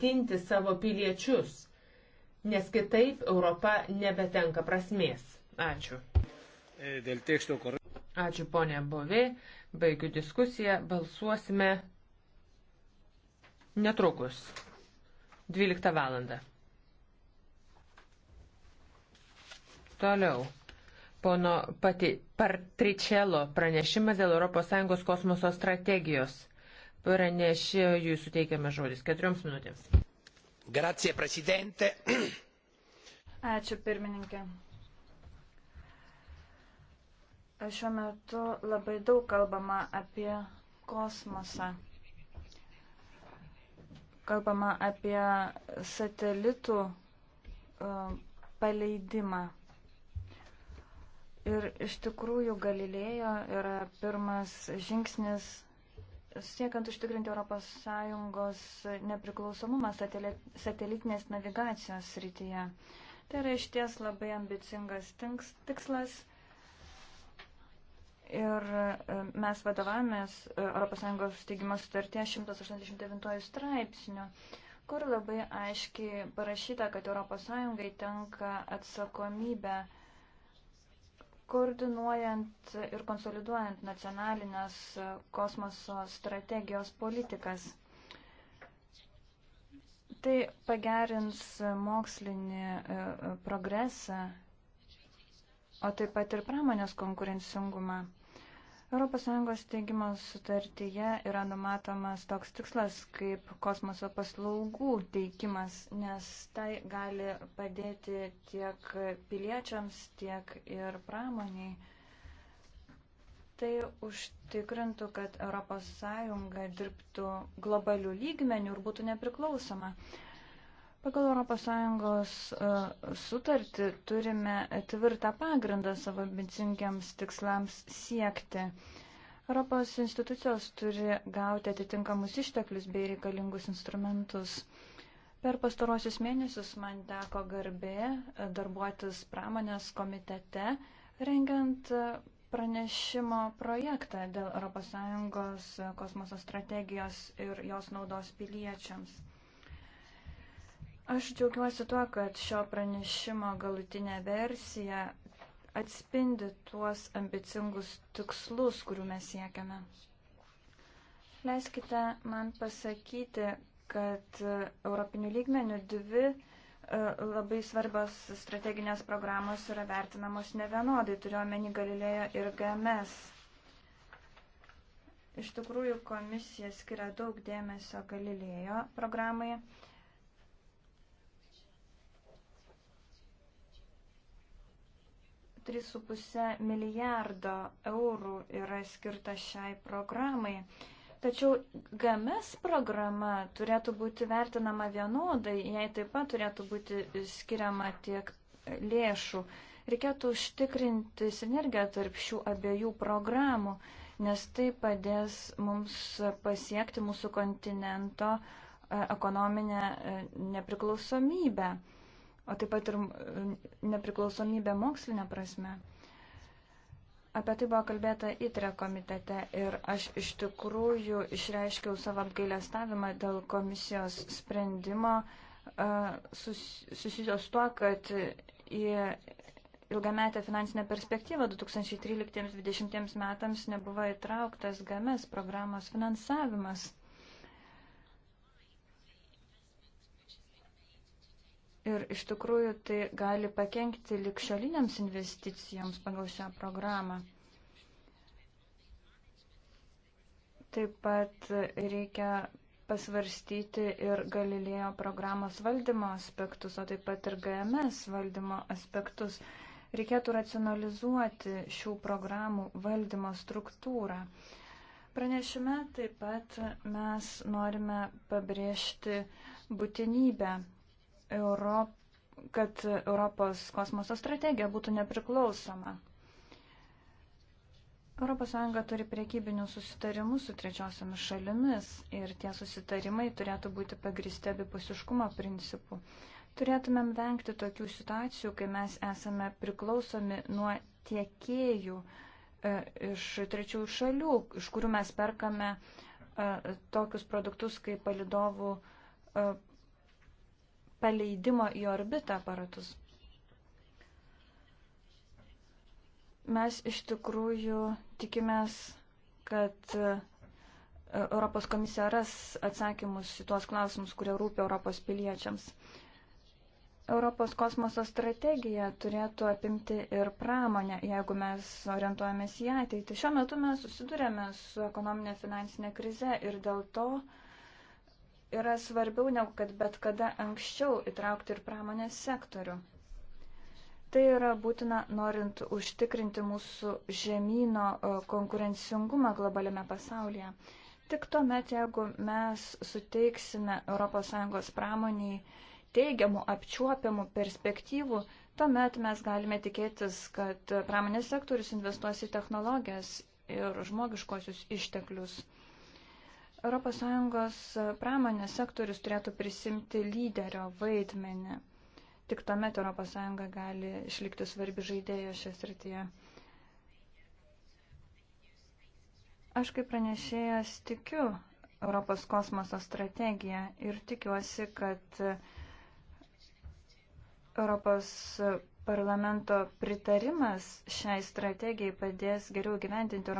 ginti savo piliečius, nes kitaip Europa nebetenka prasmės. Ačiū. E, Ačiū ponė Bovė, baigiu diskusiją, balsuosime netrukus, 12 valandą. Toliau. Pono Patričelo pranešimas dėl ES kosmoso strategijos. Pranešėjui suteikiame žodis keturioms minutėms. Grazie, prezidente. Ačiū, pirmininkė. Šiuo metu labai daug kalbama apie kosmosą. Kalbama apie satelitų e, paleidimą. Ir iš tikrųjų Galilėjo yra pirmas žingsnis siekiant užtikrinti ES nepriklausomumą satelitinės navigacijos srityje. Tai yra išties labai ambicingas tikslas. Ir e, mes vadovavomės ES steigimo sutartie 189 straipsnio, kur labai aiškiai parašyta, kad ES tenka atsakomybę koordinuojant ir konsoliduojant nacionalinės kosmoso strategijos politikas. Tai pagerins mokslinį e, e, progresą, o taip pat ir pramonės konkurencingumą. ES steigimo sutartyje yra numatomas toks tikslas kaip kosmoso paslaugų teikimas, nes tai gali padėti tiek piliečiams, tiek ir pramoniai. Tai užtikrintų, kad ES dirbtų globalių lygmenių ir būtų nepriklausoma. Pagal ES e, sutartį turime tvirtą pagrindą savo ambicingiams tikslams siekti. Europos institucijos turi gauti atitinkamus išteklius bei reikalingus instrumentus. Per pastarosius mėnesius man teko garbė e, darbuotis pramonės komitete, rengiant e, pranešimo projektą dėl ES kosmoso strategijos ir jos naudos piliečiams. Aš džiaugiuosi tuo, kad šio pranešimo galutinė versija atspindi tuos ambicingus tikslus, kurių mes siekiame. Leiskite man pasakyti, kad e, Europinių lygmenių dvi e, labai svarbios strateginės programos yra vertinamos nevienodai, turiuomenį Galilėją ir GMS. Iš tikrųjų, komisija skiria daug dėmesio Galilėjo programai 3,5 milijardo eurų yra skirta šiai programai. Tačiau GAMES programa turėtų būti vertinama vienodai, jai taip pat turėtų būti skiriama tiek lėšų. Reikėtų užtikrinti sinergiją tarp šių abiejų programų, nes tai padės mums pasiekti mūsų kontinento e, ekonominę e, nepriklausomybę o taip pat ir e, nepriklausomybė mokslinė prasme. Apie tai buvo kalbėta įtre komitete ir aš iš tikrųjų išreiškiau savo apgailestavimą dėl komisijos sprendimo e, sus, susijęs su tuo, kad į ilgametę finansinę perspektyvą 2013-2020 metams nebuvo įtrauktas GAMES programos finansavimas. Ir iš tikrųjų tai gali pakengti likščioliniams investicijoms pagal šią programą. Taip pat reikia pasvarstyti ir Galilėjo programos valdymo aspektus, o taip pat ir GMS valdymo aspektus. Reikėtų racionalizuoti šių programų valdymo struktūrą. Pranešime taip pat mes norime pabrėžti būtinybę Europ, kad Europos kosmoso strategija būtų nepriklausoma. ES turi priekybinių susitarimų su trečiosiomis šalimis ir tie susitarimai turėtų būti pagristi abipusiškumo principu. Turėtumėm vengti tokių situacijų, kai mes esame priklausomi nuo tiekėjų e, iš trečiųjų šalių, iš kurių mes perkame e, tokius produktus kaip palidovų e, paleidimo į orbitą aparatus. Mes iš tikrųjų tikimės, kad e, Europos komisija ras atsakymus šitos klausimus, kurie rūpia Europos piliečiams. Europos kosmoso strategija turėtų apimti ir pramonę, jeigu mes orientuojamės į ateitį. Šiuo metu mes susidurėme su ekonominė finansinė krize ir dėl to uh, yra svarbiau negu kad bet kada anksčiau įtraukti ir pramonės sektorių. Tai yra būtina norint užtikrinti mūsų žemynų e, konkurencingumą globaliame pasaulyje. Tik tuomet, jeigu mes suteiksime ES pramoniai teigiamų, apčiuopiamų perspektyvų, tuomet mes galime tikėtis, kad pramonės sektorius investuos į technologijas ir žmogiškosius išteklius. ES pramonės sektorius turėtų prisimti lyderio vaidmenį. Tik tuomet ES gali išlikti svarbi žaidėjo šią srityje. Aš kaip pranešėjas tikiu Europos kosmoso strategiją ir tikiuosi, kad Europos Parlamento pritarimas šiai strategijai padės geriau gyventinti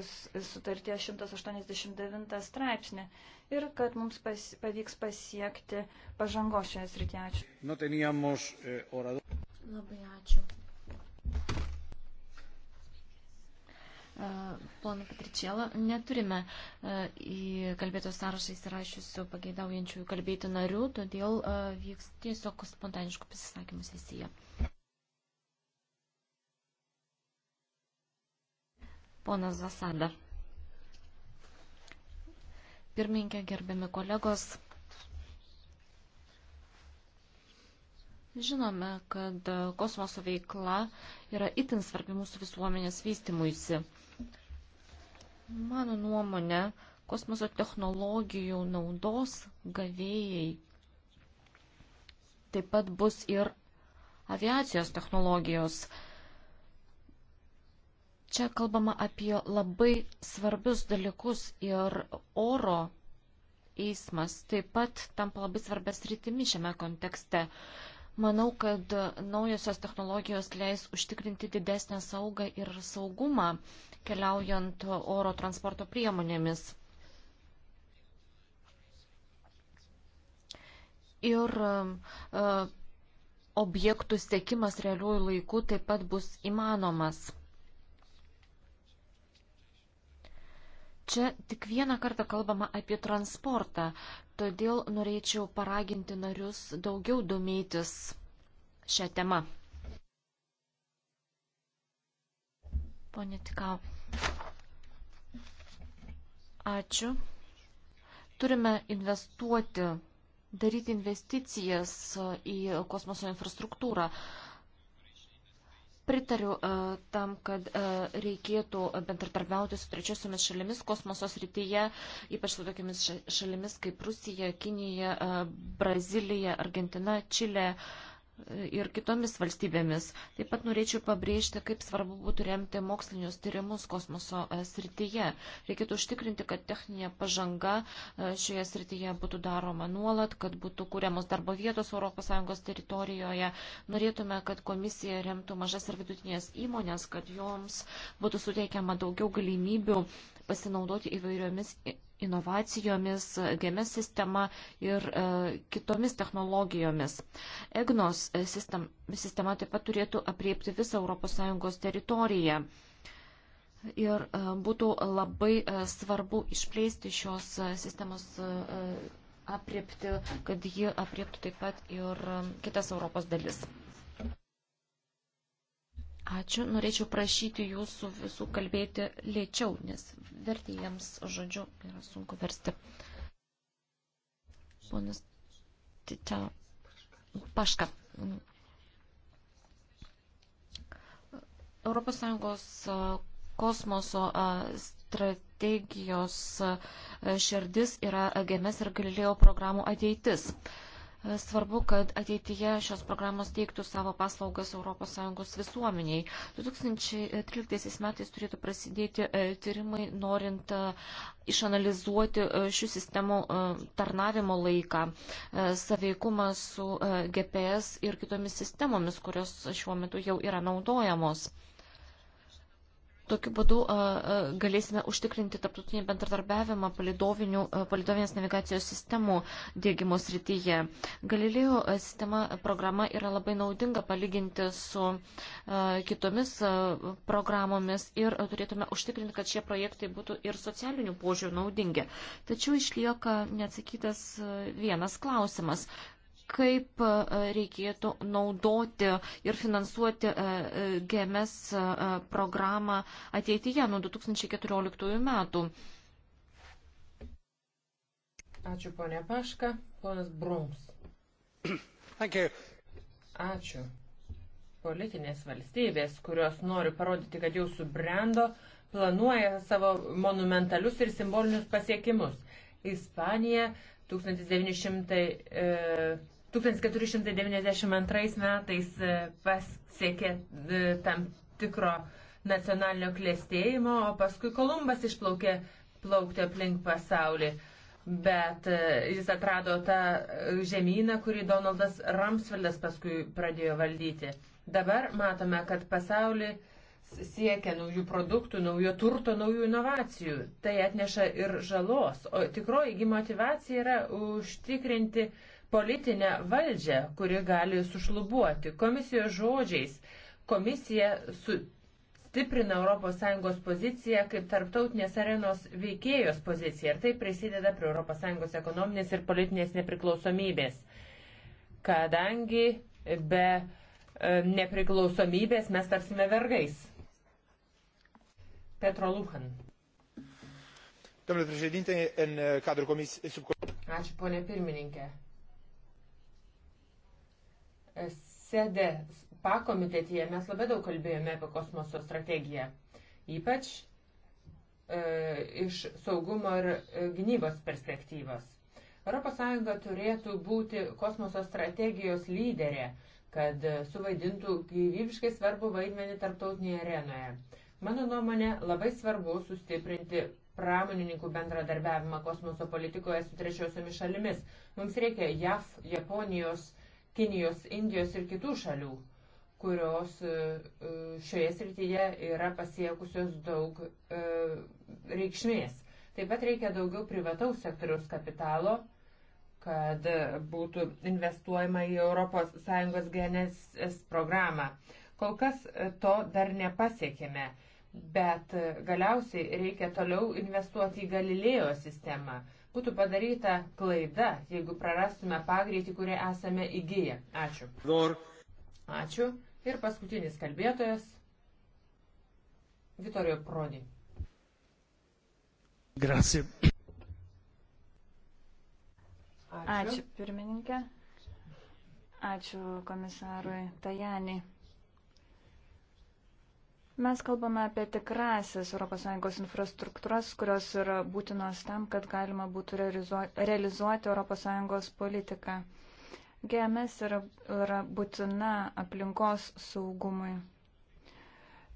ES sutarties 189 straipsnį ir kad mums pas, pavyks pasiekti pažango šioje srityje. Ačiū. No teníamos, eh, orado... Labai ačiū. E, pono Patričielo, neturime e, į kalbėtojų sąrašą įsirašysiu pageidaujančių kalbėti narių, todėl e, vyks tiesiog spontaniškų pasisakymų sesija. Ponas Zasada. Pirminkė, gerbiami kolegos. Žinome, kad kosmoso veikla yra itin svarbi mūsų visuomenės vystimuisi. Mano nuomonė, kosmoso technologijų naudos gavėjai taip pat bus ir aviacijos technologijos. Čia kalbama apie labai svarbius dalykus ir oro eismas taip pat tampa labai svarbės rytimi šiame kontekste. Manau, kad naujosios technologijos leis užtikrinti didesnę saugą ir saugumą keliaujant oro transporto priemonėmis. Ir e, objektų sėkimas realiųjų laikų taip pat bus įmanomas. Čia tik vieną kartą kalbama apie transportą, todėl norėčiau paraginti narius daugiau domėtis šią temą. Pone Tikau. Ačiū. Turime investuoti, daryti investicijas į kosmoso infrastruktūrą. Pritariu e, tam, kad e, reikėtų bendradarbiauti su trečiosiomis šalimis kosmoso srityje, ypač su tokiamis šalimis kaip Rusija, Kinija, e, Brazilija, Argentina, Čilė ir kitomis valstybėmis. Taip pat norėčiau pabrėžti, kaip svarbu būtų remti mokslinius tyrimus kosmoso e, srityje. Reikėtų užtikrinti, kad techninė pažanga e, šioje srityje būtų daroma nuolat, kad būtų kūriamos darbo vietos ES teritorijoje. Norėtume, kad komisija remtų mažas ir vidutinės įmonės, kad joms būtų suteikiama daugiau galimybių pasinaudoti įvairiomis inovacijomis, GMS sistema ir e, kitomis technologijomis. EGNOS e, sistema, sistema taip pat turėtų apriepti visą ES teritoriją. Ir e, būtų labai svarbu išplėsti šios sistemos apriepti, kad ji aprieptų taip pat ir kitas Europos dalis. Ačiū. Norėčiau prašyti jūsų visų kalbėti lėčiau, nes vertėjams žodžiu yra sunku versti. Ponas Tita Paška. Europos Sąjungos kosmoso strategijos širdis yra GMS ir Galilėjo programų ateitis. Svarbu, kad ateityje šios programos teiktų savo paslaugas ES visuomeniai. 2013 metais turėtų prasidėti e, tyrimai, norint e, išanalizuoti e, šių sistemų tarnavimo laiką, saveikumą su GPS ir kitomis sistemomis, kurios šiuo metu jau yra naudojamos. Tokiu būdu galėsime užtikrinti tarptautinį bendradarbiavimą palidovinės navigacijos sistemų dėgymo srityje. Galilėjo sistema programa yra labai naudinga palyginti su kitomis programomis ir turėtume užtikrinti, kad šie projektai būtų ir socialinių požiūrių naudingi. Tačiau išlieka neatsakytas vienas klausimas kaip e, reikėtų naudoti ir finansuoti e, e, GMS programą ateityje nuo 2014 metų. Ačiū ponė Paška, ponas Brums. Ačiū. Politinės valstybės, kurios nori parodyti, kad jau subrendo, planuoja savo monumentalius ir simbolinius pasiekimus. Ispanija 1900. E, 1492 metais e, pasiekė e, tam tikro nacionalinio klėstėjimo, o paskui Kolumbas išplaukė plaukti aplink pasaulį. Bet e, jis atrado tą žemyną, kurį Donaldas Ramsfeldas paskui pradėjo valdyti. Dabar matome, kad pasaulį siekia naujų produktų, naujo turto, naujų inovacijų. Tai atneša ir žalos. O tikroji motivacija yra užtikrinti politinę valdžią, kuri gali sušlubuoti. Komisijos žodžiais komisija sustiprina ES poziciją kaip tarptautinės arenos veikėjos poziciją ir tai prisideda prie ES ekonominės ir politinės nepriklausomybės. Kadangi be e, nepriklausomybės mes tapsime vergais. Petro Luhan. Domnule președinte, în uh, cadrul comisiei sub... Ačiū, ponė pirmininkė. Sėdė pakomitetyje mes labai daug kalbėjome apie kosmoso strategiją. Ypač e, iš saugumo ir e, gynybos perspektyvos. ES turėtų būti kosmoso strategijos lyderė, kad suvaidintų gyvybiškai svarbu vaidmenį tarptautinėje arenoje. Mano nuomonė, labai svarbu sustiprinti pramonininkų bendradarbiavimą kosmoso politikoje su trečiosiomis šalimis. Mums reikia JAV, Japonijos, Kinijos, Indijos ir kitų šalių, kurios e, e, šioje srityje yra pasiekusios daug e, reikšmės. Taip pat reikia daugiau privataus sektoriaus kapitalo, kad būtų investuojama į ES GNS programą. Kol kas to dar nepasiekėme bet e, galiausiai reikia toliau investuoti į Galilėjo sistemą. Būtų padaryta klaida, jeigu prarastume pagreitį, kurį esame įgyję. Ačiū. Dor. Ačiū. Ir paskutinis kalbėtojas Vitorio Prodi. Grazie. Ačiū. Ačiū pirmininkė. Ačiū komisarui Tajaniai. Mes kalbame apie tikrasis ES infrastruktūras, kurios yra būtinos tam, kad galima būtų realizuoti ES politiką. GMS yra, yra būtina aplinkos saugumui.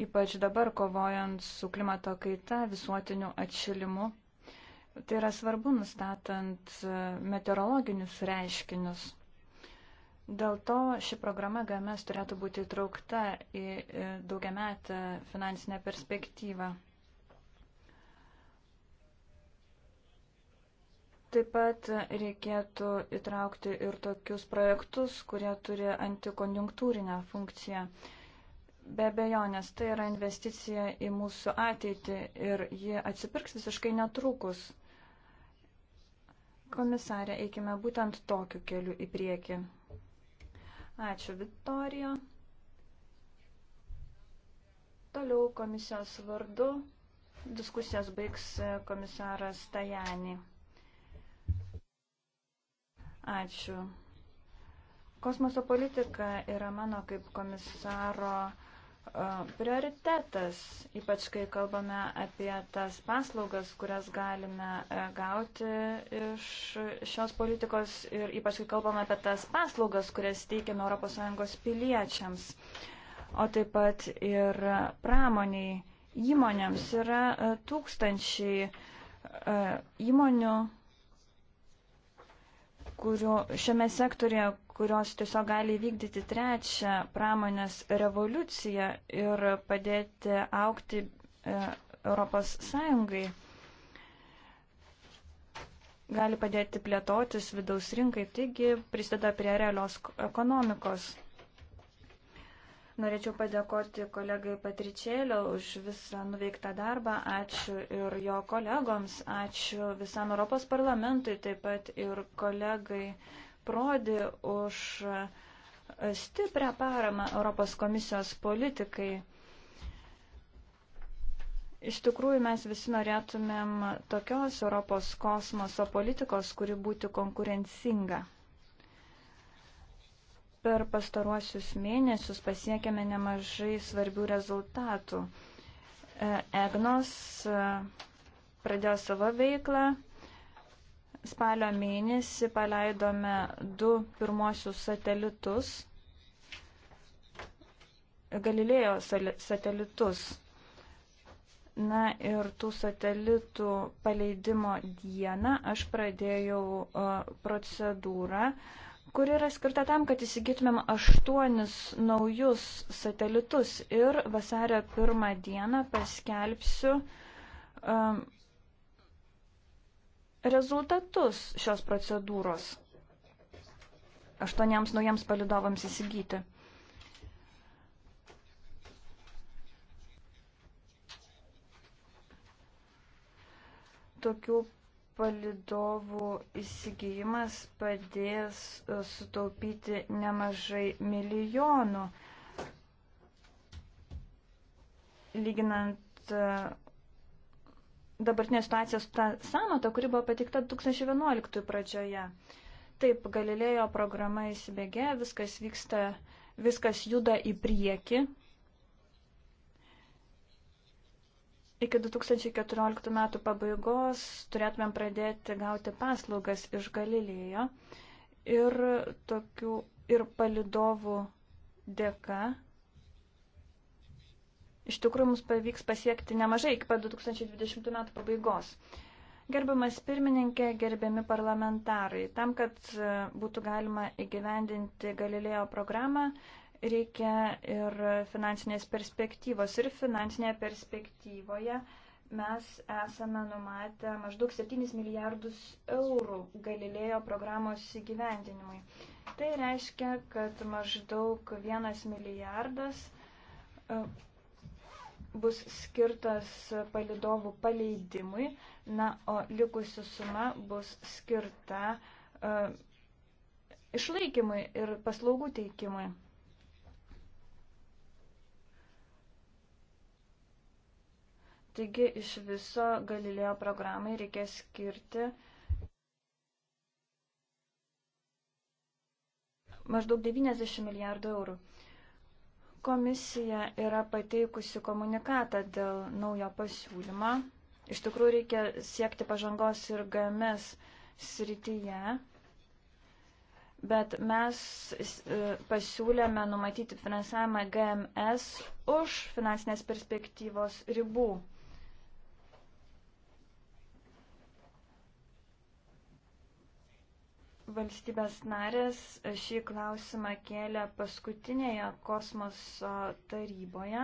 Ypač dabar kovojant su klimato kaita, visuotiniu atšilimu. Tai yra svarbu nustatant meteorologinius reiškinius. Dėl to ši programa GMS turėtų būti įtraukta į daugiametę finansinę perspektyvą. Taip pat reikėtų įtraukti ir tokius projektus, kurie turi antikonjunktūrinę funkciją. Be bejonės, tai yra investicija į mūsų ateitį ir ji atsipirks visiškai netrukus. Komisarė, eikime būtent tokiu keliu į priekį. Ačiū, Viktorija. Toliau komisijos vardu diskusijas baigs e, komisaras Tajani. Ačiū. Kosmoso politika yra mano kaip komisaro prioritetas, ypač kai kalbame apie tas paslaugas, kurias galime e, gauti iš šios politikos ir ypač kai kalbame apie tas paslaugas, kurias teikiame ES piliečiams, o taip pat ir pramoniai įmonėms yra e, tūkstančiai e, įmonių kurių šiame sektorėje, kurios tiesiog gali vykdyti trečią pramonės revoliuciją ir padėti aukti e, Europos Sąjungai. Gali padėti plėtotis vidaus rinkai, taigi prisideda prie realios ekonomikos. Norėčiau padėkoti kolegai Patričėlio už visą nuveiktą darbą, ačiū ir jo kolegoms, ačiū visam Europos parlamentui, taip pat ir kolegai Prodi už e, stiprią paramą Europos komisijos politikai. Iš tikrųjų, mes visi norėtumėm tokios Europos kosmoso politikos, kuri būtų konkurencinga. Per pastaruosius mėnesius pasiekėme nemažai svarbių rezultatų. E, EGNOS e, pradėjo savo veiklą, Spalio mėnesį paleidome du pirmosius satelitus, Galilėjo satelitus. Na ir tų satelitų paleidimo dieną aš pradėjau procedūrą, kuri yra skirta tam, kad įsigytumėm aštuonis naujus satelitus ir vasario pirmą dieną paskelbsiu um, rezultatus šios procedūros aštuoniems naujiems palidovams įsigyti. Tokių palidovų įsigijimas padės e, sutaupyti nemažai milijonų, lyginant e, dabartinė situacija su ta samata, kuri buvo patikta 2011 pradžioje. Taip, Galilėjo programa įsibėgė, viskas vyksta, viskas juda į priekį, iki 2014 metų pabaigos turėtumėm pradėti gauti paslaugas iš Galilėjo ir, tokių, ir palidovų dėka iš tikrųjų mums pavyks pasiekti nemažai iki pat 2020 metų pabaigos. Gerbiamas pirmininkė, gerbiami parlamentarai, tam, kad e, būtų galima įgyvendinti Galilėjo programą, reikia ir finansinės perspektyvos. Ir finansinėje perspektyvoje mes esame numatę maždaug 7 milijardus eurų Galilėjo programos įgyvendinimui. Tai reiškia, kad maždaug 1 milijardas e, bus skirtas palidovų paleidimui, na, o likusi suma bus skirta uh, išlaikymui ir paslaugų teikimui. Taigi iš viso Galilėjo programai reikės skirti maždaug 90 milijardų eurų. Uh, Komisija yra pateikusi komunikatą dėl naujo pasiūlymo. Iš tikrųjų reikia siekti pažangos ir GMS srityje, bet mes e, pasiūlėme numatyti finansavimą GMS už finansinės perspektyvos ribų. Valstybės narės šį klausimą kėlė paskutinėje kosmoso taryboje.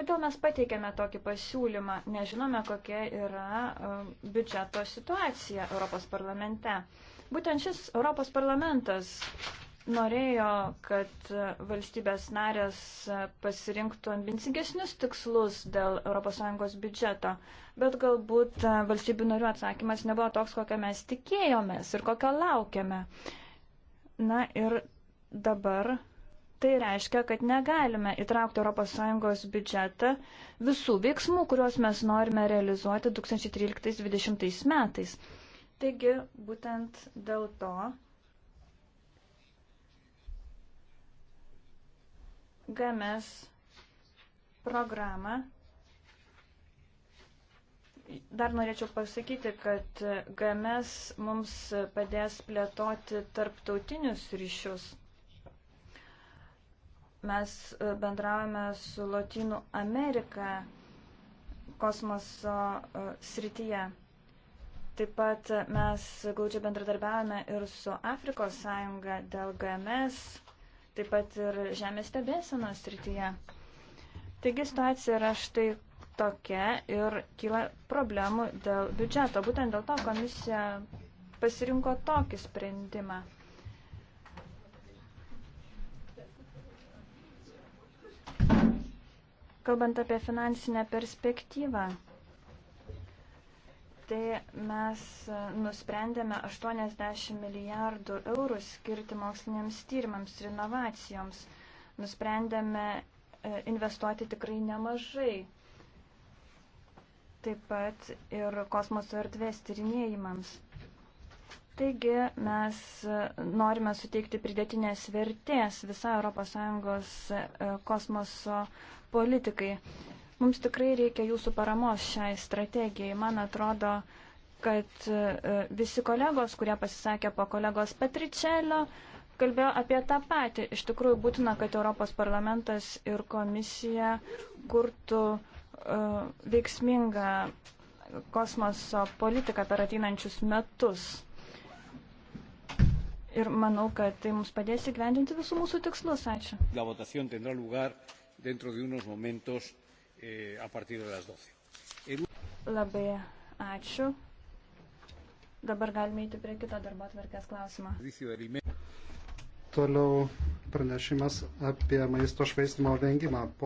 Kodėl mes pateikėme tokį pasiūlymą? Nežinome, kokia yra e, biudžeto situacija Europos parlamente. Būtent šis Europos parlamentas norėjo, kad valstybės narės pasirinktų ambicingesnius tikslus dėl ES biudžeto, bet galbūt valstybių narių atsakymas nebuvo toks, kokio mes tikėjomės ir kokio laukiame. Na ir dabar tai reiškia, kad negalime įtraukti ES biudžetą visų veiksmų, kuriuos mes norime realizuoti 2013-2020 metais. Taigi, būtent dėl to GMS programą. Dar norėčiau pasakyti, kad GMS mums padės plėtoti tarptautinius ryšius. Mes e, bendravome su Latinų Amerika kosmoso e, srityje. Taip pat mes glaudžiai bendradarbiavame ir su Afrikos sąjunga dėl GMS taip pat ir žemės stebėsenos srityje. Taigi situacija yra štai tokia ir kyla problemų dėl biudžeto. Būtent dėl to komisija pasirinko tokį sprendimą. Kalbant apie finansinę perspektyvą tai mes nusprendėme 80 milijardų eurų skirti moksliniams tyrimams ir inovacijoms. Nusprendėme e, investuoti tikrai nemažai. Taip pat ir kosmoso erdvės tyrinėjimams. Taigi mes norime suteikti pridėtinės vertės visą ES e, kosmoso politikai. Mums tikrai reikia jūsų paramos šiai strategijai. Man atrodo, kad e, visi kolegos, kurie pasisakė po kolegos Patričelio, kalbėjo apie tą patį. Iš tikrųjų būtina, kad Europos parlamentas ir komisija kurtų uh, veiksmingą kosmoso politiką per ateinančius metus. Ir manau, kad tai mums padės įgyvendinti visų mūsų tikslus. Ačiū. La votación tendrá lugar dentro de unos momentos eh, a partir de las 12. Ir... Labai ačiū. Dabar galime įti prie kito darbo atvarkės klausimą. Toliau pranešimas apie maisto švaistimo vengimą.